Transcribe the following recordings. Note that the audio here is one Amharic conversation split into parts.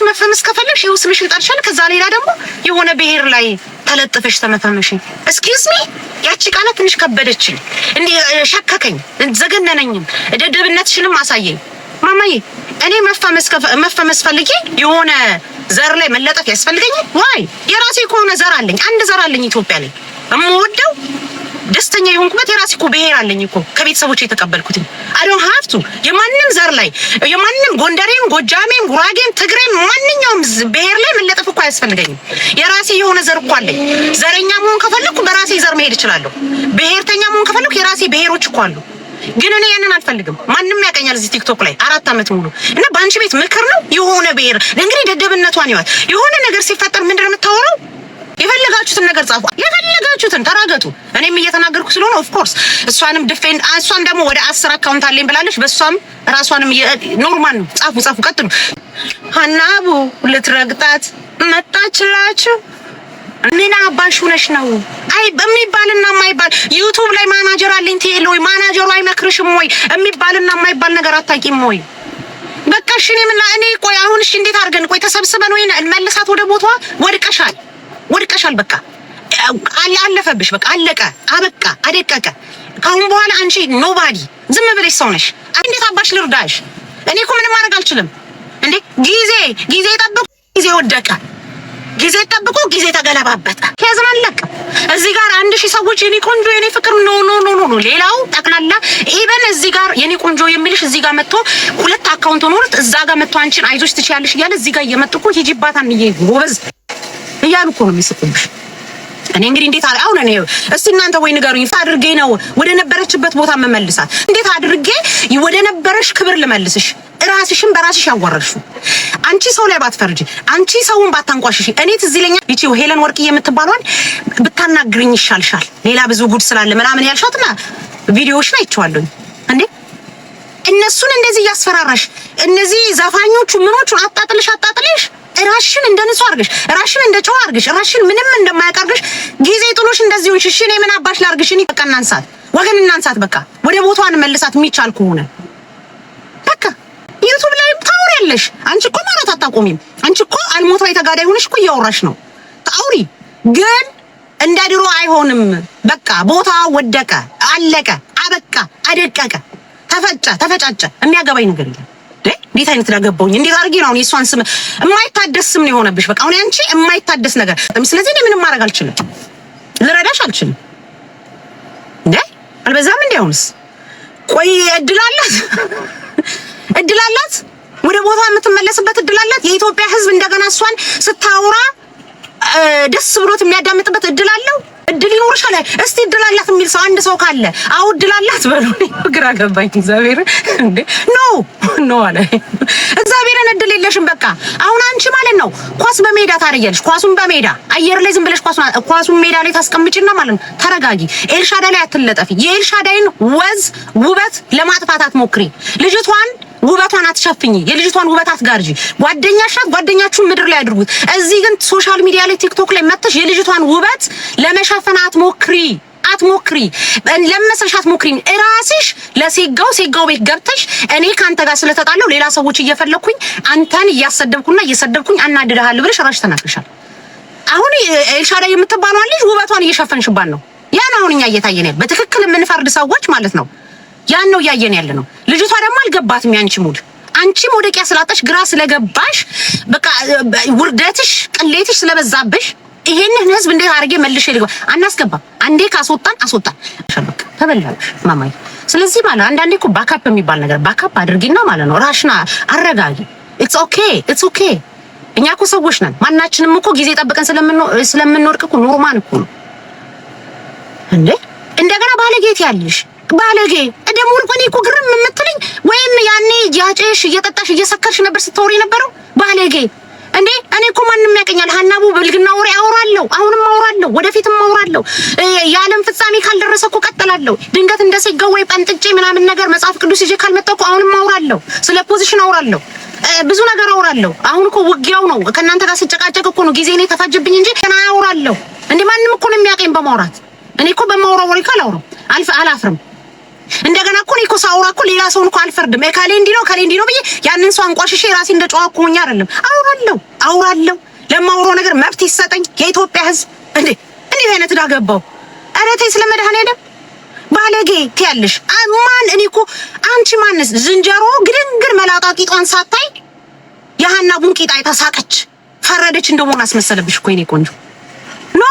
ሴት መፈመስ ከፈለግሽ ይኸው ስምሽን ጠርሻል። ከዛ ሌላ ደግሞ የሆነ ብሔር ላይ ተለጥፈሽ ተመፈመሽ። ኤክስኪውዝ ሚ ያቺ ቃላ ትንሽ ከበደችኝ፣ እንዲህ ሸከከኝ፣ ዘገነነኝም ደደብነትሽንም አሳየኝ። ማማዬ እኔ መፈመስ ፈልጌ የሆነ ዘር ላይ መለጠፍ ያስፈልገኛል? ዋይ የራሴ ከሆነ ዘር አለኝ፣ አንድ ዘር አለኝ ኢትዮጵያ ላይ እምወደው ደስተኛ የሆንኩበት የራሴ እኮ ብሔር አለኝ እኮ ከቤተሰቦች የተቀበልኩትኝ አዶን ሀብቱ የማንም ዘር ላይ የማንም ጎንደሬም፣ ጎጃሜም፣ ጉራጌም፣ ትግሬም ማንኛውም ብሔር ላይ መለጠፍ እኮ አያስፈልገኝም። የራሴ የሆነ ዘር እኮ አለኝ። ዘረኛ መሆን ከፈልኩ በራሴ ዘር መሄድ እችላለሁ። ብሔርተኛ መሆን ከፈልኩ የራሴ ብሔሮች እኮ አሉ። ግን እኔ ያንን አልፈልግም። ማንም ያቀኛል እዚህ ቲክቶክ ላይ አራት ዓመት ሙሉ እና በአንቺ ቤት ምክር ነው የሆነ ብሔር እንግዲህ ደደብነቷን ይዋት የሆነ ነገር ሲፈጠር ምንድን ነው የምታወራው? የፈለጋችሁትን ነገር ጻፏል። የፈለጋችሁትን ተራገጡ። እኔም እየተናገርኩ ስለሆነ ኦፍ ኮርስ እሷንም ዲፌንድ እሷን ደግሞ ወደ አስር አካውንት አለኝ ብላለች። በእሷም ራሷንም ኖርማል ነው። ጻፉ ጻፉ፣ ቀጥሉ። ሀናቡ ልትረግጣት መጣችላችሁ። ምን አባሽ ሆነሽ ነው? አይ የሚባልና የማይባል ዩቲዩብ ላይ ማናጀር አለኝ ትየለ ወይ ማናጀሩ አይመክርሽም ወይ የሚባልና የማይባል ነገር አታውቂም ወይ? በቃ እሺ፣ እኔ ምን እኔ ቆይ አሁን እሺ፣ እንዴት አድርገን ቆይ ተሰብስበን ወይ መልሳት ወደ ቦታዋ ወድቀሻል፣ ወድቀሻል በቃ አለፈብሽ። በቃ አለቀ፣ አበቃ፣ አደቀቀ። ካሁን በኋላ አንቺ ኖባዲ ዝም ብለሽ ሰው ነሽ። እንዴት አባሽ ልርዳሽ? እኔ እኮ ምንም ማድረግ አልችልም። እንዴ ጊዜ ጊዜ ጠብቁ፣ ጊዜ ወደቀ፣ ጊዜ ጠብቁ፣ ጊዜ ተገለባበጠ። ከዝም አለቀ። እዚህ ጋር አንድ ሺህ ሰዎች የኔ ቆንጆ የኔ ፍቅር ኖ ኖ ኖ ኖ፣ ሌላው ጠቅላላ ኢቨን እዚህ ጋር የኔ ቆንጆ የሚልሽ እዚህ ጋር መጥቶ ሁለት አካውንት ኖርት እዛ ጋር መጥቶ አንቺን አይዞሽ ትችያለሽ እያለ እዚህ ጋር እየመጡ እኮ ሂጂባታን እየ ጎበዝ እያሉ እኮ ነው የሚስቁብሽ። እኔ እንግዲህ እንዴት አሁን እኔ እስቲ እናንተ ወይ ንገሩኝ፣ አድርጌ ነው ወደ ነበረችበት ቦታ መመልሳት? እንዴት አድርጌ ወደ ነበረሽ ክብር ልመልስሽ? እራስሽን በራስሽ ያዋረድሽ። አንቺ ሰው ላይ ባትፈርጂ፣ አንቺ ሰውን ባታንቋሽሽ፣ እኔ ትዝ ይለኛል ይቺ ሄለን ወርቅ የምትባሏን ብታናግርኝ ይሻልሻል፣ ሌላ ብዙ ጉድ ስላለ ምናምን ያልሻትና ቪዲዮዎችን አይቼዋለሁኝ። እንዴ እነሱን እንደዚህ እያስፈራራሽ እነዚህ ዘፋኞቹ ምኖቹን አጣጥልሽ አጣጥልሽ ራሽን እንደ ንጹህ አርግሽ፣ ራሽን እንደ ጨዋ አርግሽ፣ ራሽን ምንም እንደማያቀርግሽ ጊዜ ጥሎሽ እንደዚህ ሆንሽ። እሺ እኔ ምን አባሽ ላርግሽ? እኔ በቃ እናንሳት፣ ወገን እናንሳት፣ በቃ ወደ ቦታዋን መልሳት። የሚቻል ከሆነ በቃ ዩቱብ ላይ ያለሽ አንቺ እኮ ማለት አታቆሚም። አንቺ እኮ አልሞት ላይ ተጋዳይ ሆነሽ እኮ እያወራሽ ነው። ታውሪ ግን እንደ ድሮ አይሆንም። በቃ ቦታ ወደቀ፣ አለቀ፣ አበቃ፣ አደቀቀ፣ ተፈጨ፣ ተፈጫጨ። የሚያገባኝ ነገር የለም። እንዴት አይነት ላገባውኝ እንዴት አድርጌ ነው አሁን የእሷን ስም የማይታደስ ስም ነው የሆነብሽ። በቃ አሁን ያንቺ የማይታደስ ነገር። ስለዚህ እኔ ምንም ማድረግ አልችልም፣ ልረዳሽ አልችልም። እንዴ አልበዛም እንዴ? አሁንስ ቆይ እድል አላት፣ እድል አላት፣ ወደ ቦታ የምትመለስበት እድል አላት። የኢትዮጵያ ሕዝብ እንደገና እሷን ስታወራ ደስ ብሎት የሚያዳምጥበት እድል አለው። እድል ይኖርሻል። እስቲ እድል አላት የሚል ሰው አንድ ሰው ካለ አዎ እድል አላት በሉ። ግራ ገባኝ። እግዚአብሔር እንዴ ኖ ኖ አለ እግዚአብሔርን እድል የለሽም። በቃ አሁን አንቺ ማለት ነው ኳስ በሜዳ ታረያለሽ። ኳሱን በሜዳ አየር ላይ ዝም ብለሽ ኳሱን ኳሱን ሜዳ ላይ ታስቀምጪና ማለት ነው ተረጋጊ። ኤልሻዳ ላይ አትለጠፊ። የኤልሻዳይን ወዝ ውበት ለማጥፋት አትሞክሪ ልጅቷን ውበቷን አትሸፍኝ፣ የልጅቷን ውበት አትጋርጂ። ጓደኛሽ ጓደኛሻት ጓደኛችሁን ምድር ላይ አድርጉት። እዚህ ግን ሶሻል ሚዲያ ላይ ቲክቶክ ላይ መተሽ የልጅቷን ውበት ለመሸፈን አትሞክሪ አትሞክሪ ለመሰልሽ አትሞክሪ። እራስሽ ለሴጋው ሴጋው ቤት ገብተሽ እኔ ከአንተ ጋር ስለተጣለው ሌላ ሰዎች እየፈለኩኝ አንተን እያሰደብኩና እየሰደብኩኝ አናድድሃለሁ ብለሽ ራስሽ ተናግረሻል። አሁን ኤልሻዳይ የምትባለዋን ልጅ ውበቷን እየሸፈንሽባት ነው። ያን አሁን እኛ እየታየን በትክክል የምንፈርድ ሰዎች ማለት ነው። ያን ነው እያየን ያለ ነው። ልጅቷ ደግሞ አልገባትም ያንቺ ሙድ አንቺ ቂያ ስላጣሽ ግራ ስለገባሽ በቃ ውርደትሽ፣ ቅሌትሽ ስለበዛብሽ ይሄንን ህዝብ እንዴት አድርጌ መልሼ ልግባ? አናስገባም። አንዴ ካስወጣን አስወጣን ሸበክ ተበላሽ ማማይ። ስለዚህ ማለት አንዳንዴ እኮ ባካፕ የሚባል ነገር ባካፕ አድርጊና ማለት ነው ራሽና አረጋጊ። ኢትስ ኦኬ ኢትስ ኦኬ። እኛ እኮ ሰዎች ነን። ማናችንም እኮ ጊዜ ጠብቀን ስለምንወድቅ እኮ ኖርማል እኮ ነው እንዴ። እንደገና ባለጌት ያለሽ ባለጌ ደግሞ እኔ እኮ ግርም የምትለኝ ወይም ያኔ ያጨሽ እየጠጣሽ እየሰከርሽ ነበር ስትወሪ ነበረው ባለጌ እንዴ እኔ እኮ ማንም ያቀኛል። ሀናቡ በልግና ወሬ አውራለሁ፣ አሁንም አውራለሁ፣ ወደፊትም አውራለሁ። የዓለም ፍጻሜ ካልደረሰ እኮ ቀጥላለሁ። ድንገት እንደ ሰጋው ወይ ጠንጥጬ ምናምን ነገር መጽሐፍ ቅዱስ ይዤ ካልመጣሁ እኮ አሁንም አውራለሁ። ስለ ፖዚሽን አውራለሁ፣ ብዙ ነገር አውራለሁ። አሁን እኮ ውጊያው ነው። ከእናንተ ጋር ስጨቃጨቅ እኮ ነው ጊዜ እኔ ተፋጀብኝ እንጂ ከና አውራለሁ። እንዴ ማንም እኮ ነው የሚያቀኝ በማውራት። እኔ እኮ በማውራው ወሬ ካላውራው አልፍ አላፍርም እንደገና እኮ እኔ እኮ ሳውራ እኮ ሌላ ሰውን እኮ አልፈርድም። ከሌ እንዲህ ነው ከሌ እንዲህ ነው ብዬ ያንን ሰው አንቋሽሼ ራሴ እንደ ጨዋ ሆኜ አይደለም። አውራለሁ አውራለሁ። ለማውራው ነገር መብት ይሰጠኝ የኢትዮጵያ ሕዝብ እንዴ እንዴ አይነት ዳገባው አረቴ ስለመድኃኔዓለም ባለጌ ትያለሽ። ማን እኔ እኮ አንቺ ማነስ ዝንጀሮ ግድንግድ መላጣ ቂጧን ሳታይ የሀናቡን ቂጣ አይታሳቀች ፈረደች እንደሆነ አስመሰለብሽ እኮ የእኔ ቆንጆ ኖ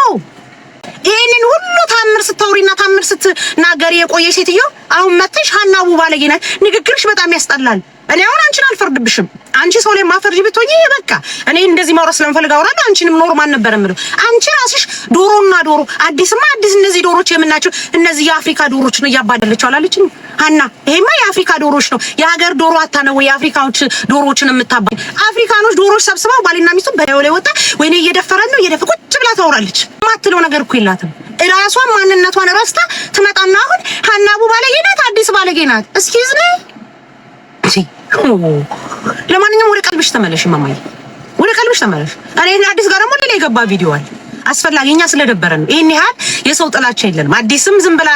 ይህንን ሁሉ ታምር ስታውሪና ታምር ስትናገሪ የቆየ ሴትዮ አሁን መተሽ ሀናቡ ባለጌ ናት። ንግግርሽ በጣም ያስጠላል። እኔ አሁን አንቺን አልፈርድብሽም። አንቺ ሰው ላይ ማፈርጅ ብትሆኚ በቃ እኔ እንደዚህ ማውራት ስለምፈልግ አውራለሁ። አንቺንም ኖርማል ነበር የምለው። አንቺ ራስሽ ዶሮና ዶሮ አዲስማ አዲስ እነዚህ ዶሮች የምናቸው እነዚህ የአፍሪካ ዶሮች ነው እያባደለችው አላለችኝ ሀና፣ ይሄማ የአፍሪካ ዶሮዎች ነው። የሀገር ዶሮ አታ ነው የአፍሪካዎች ዶሮዎችን የምታባ አፍሪካኖች ዶሮዎች ሰብስበው ባልና ሚስቱ በላይ ላይ ወጣ ወይኔ እየደፈረን ነው እየደፈ ቁጭ ብላ ታወራለች። ማትለው ነገር እኮ የላትም። ራሷን ማንነቷን ረስታ ትመጣና አሁን ሀናቡ ባለጌ ናት፣ አዲስ ባለጌ ናት። እስኪዝ ነው። ለማንኛውም ወደ ቀልብሽ ተመለሽ፣ ማማዬ፣ ወደ ቀልብሽ ተመለሽ። እኔ አዲስ ጋር ደግሞ ሌላ የገባ ቪዲዮ አለ አስፈላጊ እኛ ስለደበረን ነው። ይሄን ያህል የሰው ጥላቻ የለንም። አዲስም ዝም ብላ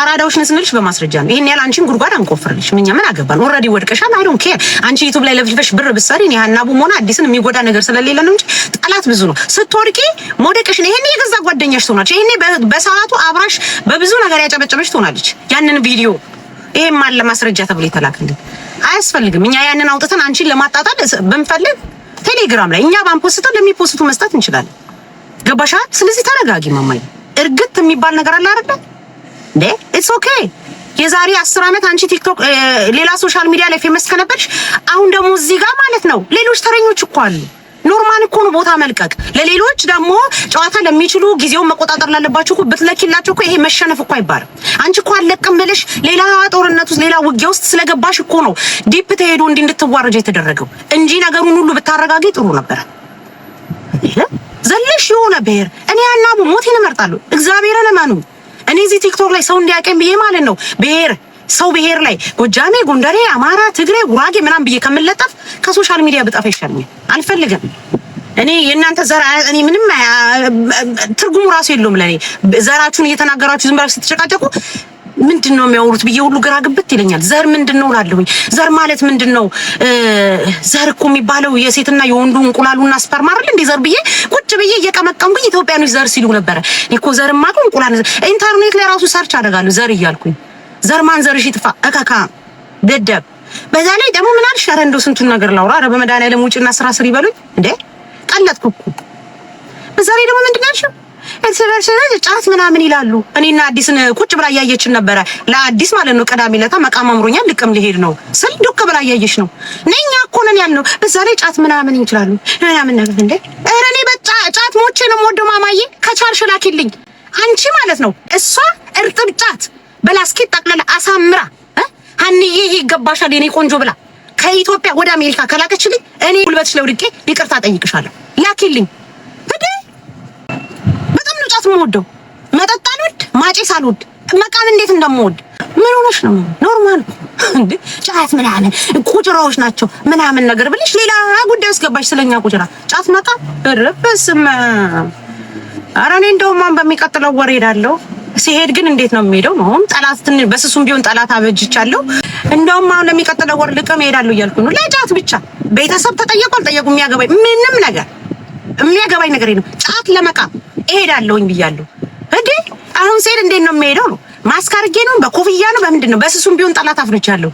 አራዳዎች ነን ስንልሽ በማስረጃ ነው። ይሄን ያህል አንቺን ጉድጓድ አንቆፍርልሽ። እኛ ምን አገባል? ኦልሬዲ ወድቀሻል። አይ ዶንት ኬር አንቺ ዩቲዩብ ላይ ለፍልፈሽ ብር ብትሰሪ እኔ ሀናቡም ሆነ አዲስን የሚጎዳ ነገር ስለሌለ ነው እንጂ ጠላት ብዙ ነው። ስትወድቂ ሞደቅሽ ነው። ይሄን የገዛ ጓደኛሽ ትሆናለች። ይሄን በሰዓቱ አብራሽ በብዙ ነገር ያጨበጨበሽ ትሆናለች። ያንን ቪዲዮ ይሄም አለ ማስረጃ ተብሎ የተላከልን አያስፈልግም። እኛ ያንን አውጥተን አንቺን ለማጣጣል ብንፈልግ ቴሌግራም ላይ እኛ ባንፖስተው ለሚፖስቱ መስጠት እንችላለን። ገባሻ? ስለዚህ ተረጋጊ ማማዬ። እርግጥ የሚባል ነገር አለ አይደል እንዴ? ኢትስ ኦኬ። የዛሬ አስር ዓመት አንቺ ቲክቶክ፣ ሌላ ሶሻል ሚዲያ ላይ ፌመስ ከነበርሽ አሁን ደግሞ እዚህ ጋር ማለት ነው ሌሎች ተረኞች እኮ አሉ። ኖርማል እኮ ነው ቦታ መልቀቅ። ለሌሎች ደግሞ ጨዋታ ለሚችሉ ጊዜውን መቆጣጠር ላለባቸው እኮ ብትለኪላቸው እኮ ይሄ መሸነፍ እኮ አይባልም። አንቺ እኮ አለቅም ብለሽ ሌላ ጦርነት ውስጥ ሌላ ውጊያ ውስጥ ስለገባሽ እኮ ነው ዲፕ ተሄዶ እንዲህ እንድትዋረጅ የተደረገው እንጂ ነገሩን ሁሉ ብታረጋጊ ጥሩ ነበር። ይሄ ዘለሽ የሆነ ብሔር እኔ ያላሙ ሞቴን እመርጣለሁ። እግዚአብሔርን እመኑ። እኔ እዚህ ቲክቶክ ላይ ሰው እንዲያቀኝ ብዬ ማለት ነው ብሔር ሰው ብሔር ላይ ጎጃሜ፣ ጎንደሬ፣ አማራ፣ ትግሬ፣ ጉራጌ ምናምን ብዬ ከምለጠፍ ከሶሻል ሚዲያ ብጠፋ ይሻለኛል። አልፈልግም። እኔ የእናንተ ዘራ እኔ ምንም ትርጉሙ ራሱ የለውም ለእኔ። ዘራችሁን እየተናገራችሁ ዝም ብላችሁ ስትጨቃጨቁ ምንድን ነው የሚያወሩት ብዬ ሁሉ ግራ ግብት ይለኛል። ዘር ምንድን ነው እላለሁኝ። ዘር ማለት ምንድን ነው? ዘር እኮ የሚባለው የሴትና የወንዱ እንቁላሉና ስፐርም አይደል እንዴ? ዘር ብዬ ቁጭ ብዬ እየቀመቀምኩኝ ኢትዮጵያኖች ዘር ሲሉ ነበረ። እኔ እኮ ዘር ማቁ እንቁላል፣ ኢንተርኔት ላይ ራሱ ሰርች አደርጋለሁ ዘር እያልኩኝ። ዘር ማን ዘር እሺ፣ ጥፋ እካካ ደደብ። በዛ ላይ ደግሞ ምን አልሽ? ኧረ እንደው ስንቱን ነገር ላውራ። ኧረ በመድኃኒዓለም ውጭና ስራ ስር ይበሉኝ እንዴ፣ ቀለጥኩ እኮ። በዛ ላይ ደግሞ ምንድን ነው ያልሽው እርስ በርስ ጫት ምናምን ይላሉ። እኔና አዲስን ቁጭ ብላ እያየችን ነበረ። ለአዲስ ማለት ነው ቅዳሜ ዕለት መቃም አምሮኛል ልቅም ሊሄድ ነው ስል ዱቅ ብላ እያየች ነው። እኛ እኮ ነን ያልነው። በዛ ላይ ጫት ምናምን ይችላሉ ምናምን ነገር እንዴ! ኧረ እኔ በቃ ጫት ሞቼ ነው የምወደው። ማማዬ ከቻልሽ ላኪልኝ። አንቺ ማለት ነው እሷ እርጥብ ጫት በላስኬት ጠቅላላ አሳምራ ሀኒዬ ይገባሻል የኔ ቆንጆ ብላ ከኢትዮጵያ ወደ አሜሪካ ከላከችልኝ እኔ ጉልበትሽ ላይ ይቅርታ ጠይቅሻለሁ። ላኪልኝ የምወደው። መጠጥ አልወድ፣ ማጨስ አልወድ፣ መቃም እንዴት እንደምወድ ምን ሆነሽ ነው? ኖርማል እንዴ? ጫት ምናምን ቁጭራዎች ናቸው ምናምን ነገር ብለሽ ሌላ ጉዳይ አስገባሽ። ስለኛ ቁጭራ፣ ጫት፣ መቃም ረበስም። ኧረ እኔ እንደውም በሚቀጥለው ወር ሄዳለሁ። ሲሄድ ግን እንዴት ነው የሚሄደው? አሁን ጠላት ትንሽ በስሱም ቢሆን ጠላት አበጅቻለሁ። እንደውም አሁን ለሚቀጥለው ወር ልቅም እሄዳለሁ እያልኩ ነው። ለጫት ብቻ ቤተሰብ ተጠየቁ አልጠየቁ የሚያገባኝ ምንም ነገር የሚያገባኝ ነገር ነው። ጫት ለመቃም እሄዳለሁኝ ብያለሁ። እንዴ አሁን ስሄድ እንዴት ነው የሚሄደው? ነው ማስክ አድርጌ ነው በኮፍያ ነው በምንድን ነው? በስሱም ቢሆን ጠላት አፍንቻለሁ።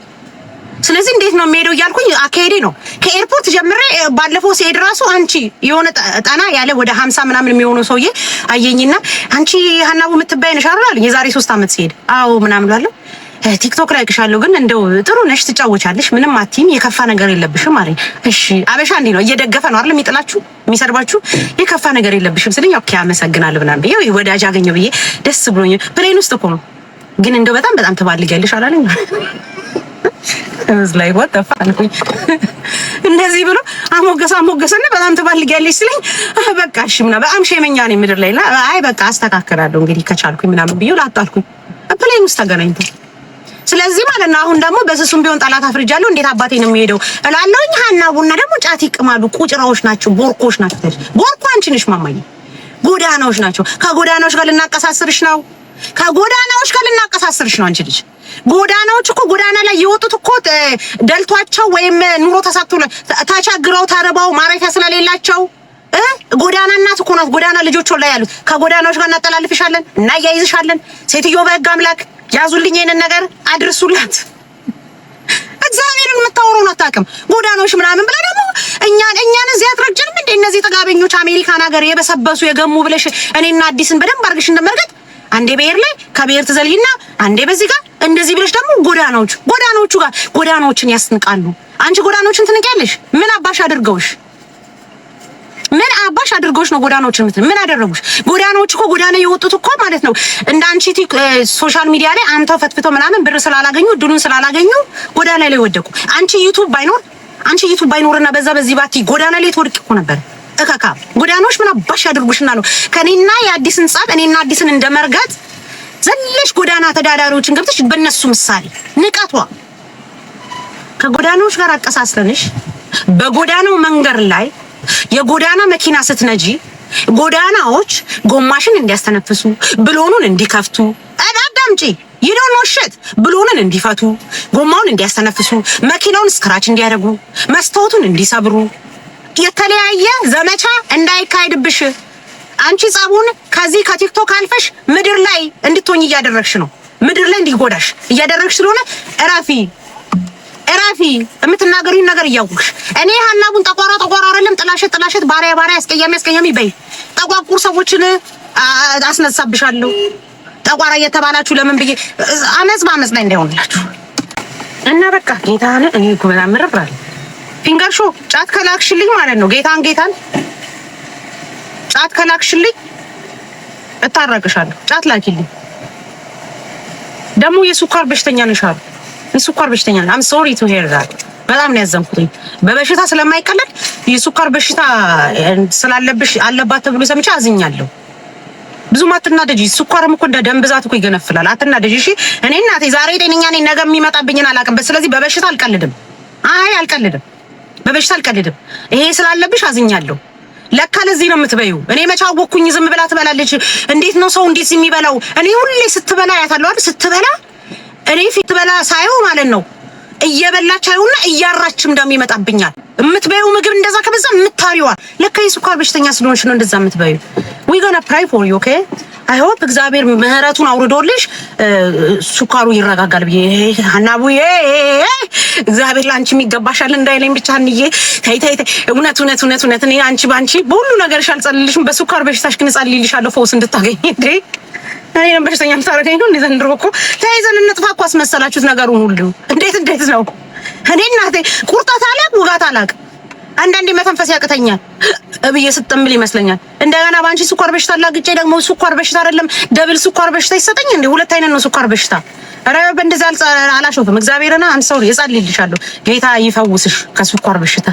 ስለዚህ እንዴት ነው የሚሄደው እያልኩኝ አካሄዴ ነው። ከኤርፖርት ጀምሬ ባለፈው ስሄድ ራሱ አንቺ የሆነ ጠና ያለ ወደ ሀምሳ ምናምን የሚሆነው ሰውዬ አየኝና አንቺ ሀናቡ የምትባይ ነሽ አላለኝ የዛሬ ሶስት ዓመት ስሄድ አዎ ምናምን ላለሁ ቲክቶክ ላይ እልክሻለሁ፣ ግን እንደው ጥሩ ነሽ፣ ትጫወቻለሽ፣ ምንም አትይም፣ የከፋ ነገር የለብሽም አለኝ። እሺ አበሻ እንዲህ ነው እየደገፈ ነው አይደል የሚጥላችሁ የሚሰርባችሁ፣ የከፋ ነገር የለብሽም ስለኝ፣ ኦኬ አመሰግናለሁ ምናምን ብዬ ወዳጅ አገኘሁ ብዬ ደስ ብሎኝ ፕሌን ውስጥ እኮ ነው፣ ግን እንደው በጣም በጣም ትባልጊያለሽ አላለኝ ላይ ወጣ ፋልኩኝ እንደዚህ ብሎ አሞገሰ አሞገሰና በጣም ትባልጊያለሽ ስለኝ፣ በቃ እሺ ምና በጣም ሸመኛ ነኝ ምድር ላይ አይ በቃ አስተካክላለሁ እንግዲህ ከቻልኩኝ ምናምን ብዬ ላጣልኩኝ ፕሌን ውስጥ ተገናኝተን ስለዚህ ማለት ነው አሁን ደግሞ በስሱም ቢሆን ጠላት አፍርጃለሁ፣ እንዴት አባቴ ነው የሚሄደው እላለሁኝ። ሀና ቡና ደግሞ ጫት ይቅማሉ። ቁጭራዎች ናቸው፣ ቦርቆች ናቸው። ቦርቆ አንቺ ነሽ ማማዬ፣ ጎዳናዎች ናቸው። ከጎዳናዎች ጋር ልናቀሳስርሽ ነው። ከጎዳናዎች ጋር ልናቀሳስርሽ ነው አንቺ ልጅ። ጎዳናዎች እኮ ጎዳና ላይ የወጡት እኮ ደልቷቸው ወይም ኑሮ ተሳትቶ ተቸግረው ተርበው ማረፊያ ስለሌላቸው ጎዳና እናት እኮ ናት። ጎዳና ልጆች ላይ ያሉት ከጎዳናዎች ጋር እናጠላልፍሻለን፣ እናያይዝሻለን ሴትዮ በህግ አምላክ ያዙልኝ፣ ይሄንን ነገር አድርሱላት። እግዚአብሔርን የምታወሩን አታውቅም። ጎዳኖች ምናምን ብላ ደግሞ እኛን እኛን እዚህ አትረጅንም እንዴ? እነዚህ ጥጋበኞች አሜሪካን ሀገር የበሰበሱ የገሙ ብለሽ እኔና አዲስን በደንብ አድርገሽ እንደመርገጥ አንዴ ብሔር ላይ ከብሔር ትዘልይና አንዴ በዚህ ጋር እንደዚህ ብለሽ ደግሞ ጎዳኖች ጎዳኖቹ ጋር ጎዳኖችን ያስንቃሉ። አንቺ ጎዳኖችን ትንቂያለሽ። ምን አባሽ አድርገውሽ ምን አባሽ አድርጎሽ ነው ጎዳናዎች የምትል? ምን አደረጉሽ? ጎዳናዎች እኮ ጎዳና የወጡት እኮ ማለት ነው እንደ አንቺ ሶሻል ሚዲያ ላይ አንተው ፈትፍቶ ምናምን ብር ስላላገኙ እድሉን ስላላገኙ ጎዳና ላይ ወደቁ። አንቺ ዩቱብ ባይኖር አንቺ ዩቱብ ባይኖርና በዛ በዚህ ባቲ ጎዳና ላይ ትወድቅ እኮ ነበር። እካካ ጎዳናዎች ምን አባሽ ያድርጉሽና ነው ከኔና የአዲስን ጻፍ እኔና አዲስን እንደመርጋት ዘለሽ ጎዳና ተዳዳሪዎችን ገብተሽ በነሱ ምሳሌ ንቀቷ ከጎዳናዎች ጋር አቀሳስለንሽ በጎዳናው መንገድ ላይ የጎዳና መኪና ስትነጂ ጎዳናዎች ጎማሽን እንዲያስተነፍሱ ብሎኑን እንዲከፍቱ አዳምጪ ይዶን ወሸት ብሎኑን እንዲፈቱ ጎማውን እንዲያስተነፍሱ መኪናውን ስክራች እንዲያደርጉ መስታወቱን እንዲሰብሩ የተለያየ ዘመቻ እንዳይካሄድብሽ አንቺ ጸቡን ከዚህ ከቲክቶክ አልፈሽ ምድር ላይ እንድትሆኝ እያደረግሽ ነው። ምድር ላይ እንዲጎዳሽ እያደረግሽ ስለሆነ እረፊ። እረፊ። የምትናገሪውን ነገር እያወቅሽ እኔ ሀናቡን ጠቋራ ጠቋራ አይደለም ጥላሸት ጥላሸት ባሪያ ባሪያ አስቀያሚ አስቀያሚ በይ። ጠቋቁር ሰዎችን አስነሳብሻለሁ። ጠቋራ እየተባላችሁ ለምን ብዬ አመፅ በአመፅ ላይ እንዳይሆንላችሁ እና በቃ ጌታን እኔ ኩበላ በጣም ምርብራል ፊንገር ሾ ጫት ከላክሽልኝ ማለት ነው። ጌታን ጌታን ጫት ከላክሽልኝ እታረቅሻለሁ። ጫት ላኪልኝ ደግሞ የሱካር በሽተኛ ነሽ አሉ የስኳር በሽተኛ ነው። አም ሶሪ ቱ ሄር ዳት በጣም ነው ያዘንኩትኝ። በበሽታ ስለማይቀለል የስኳር በሽታ ስላለብሽ አለባት ተብሎ ሰምቼ አዝኛለሁ። ብዙ አትናደጂ። ስኳርም እኮ እንደ ደም ብዛት እኮ ይገነፍላል። አትናደጂ። እሺ እኔ እናቴ ዛሬ ጤነኛ ነኝ፣ ነገ የሚመጣብኝን አላውቅም። ስለዚህ በበሽታ አልቀልድም። አይ አልቀልድም፣ በበሽታ አልቀልድም። ይሄ ስላለብሽ አዝኛለሁ። ለካ ለዚህ ነው የምትበዩ። እኔ መቼ አወኩኝ? ዝም ብላ ትበላለች። እንዴት ነው ሰው እንዴት የሚበላው? እኔ ሁሌ ስትበላ ያታለዋል ስትበላ እኔ ፊት በላ ሳየው ማለት ነው እየበላች አይውና እያራችም ዳም ይመጣብኛል። የምትበዩ ምግብ እንደዛ ከበዛ የምታሪዋል። ለካ የስኳር በሽተኛ ስለሆንሽ ነው እንደዛ የምትበዩ። ዊ ጋና ፕራይ ፎር ዩ ኦኬ አይሆን እግዚአብሔር ምህረቱን አውርዶልሽ ሱካሩ ይረጋጋል ብዬ ሀናቡዬ እግዚአብሔር ለአንቺ የሚገባሻል እንዳይለኝ ብቻ ንዬ ተይ ተይ ተይ። እውነት እውነት እውነት እውነት እኔ አንቺ በአንቺ በሁሉ ነገርሽ አልጸልልሽም፣ በሱካር በሽታሽ ግን እጸልልሻለሁ ፈውስ እንድታገኝ እንዴ እኔ በሽተኛ ምታደርገኝ ነው እንዴ? ዘንድሮ እኮ ተያይዘን እንጥፋ እኮ አስመሰላችሁት ነገሩን ሁሉ። እንዴት እንዴት ነው እኔ እናቴ ቁርጠት አላቅ ውጋት አላቅ አንዳንዴ መተንፈስ ያቅተኛል ብዬ ስጥምብል ይመስለኛል። እንደገና በአንቺ ስኳር በሽታ ላግጬ ደግሞ ስኳር በሽታ አይደለም ደብል ስኳር በሽታ ይሰጠኝ እንዴ? ሁለት አይነት ነው ስኳር በሽታ። ኧረ በእንደዚያ አላሾፍም። እግዚአብሔርና አንድ ሰው የጸልይልሻለሁ ጌታ ይፈውስሽ ከስኳር በሽታ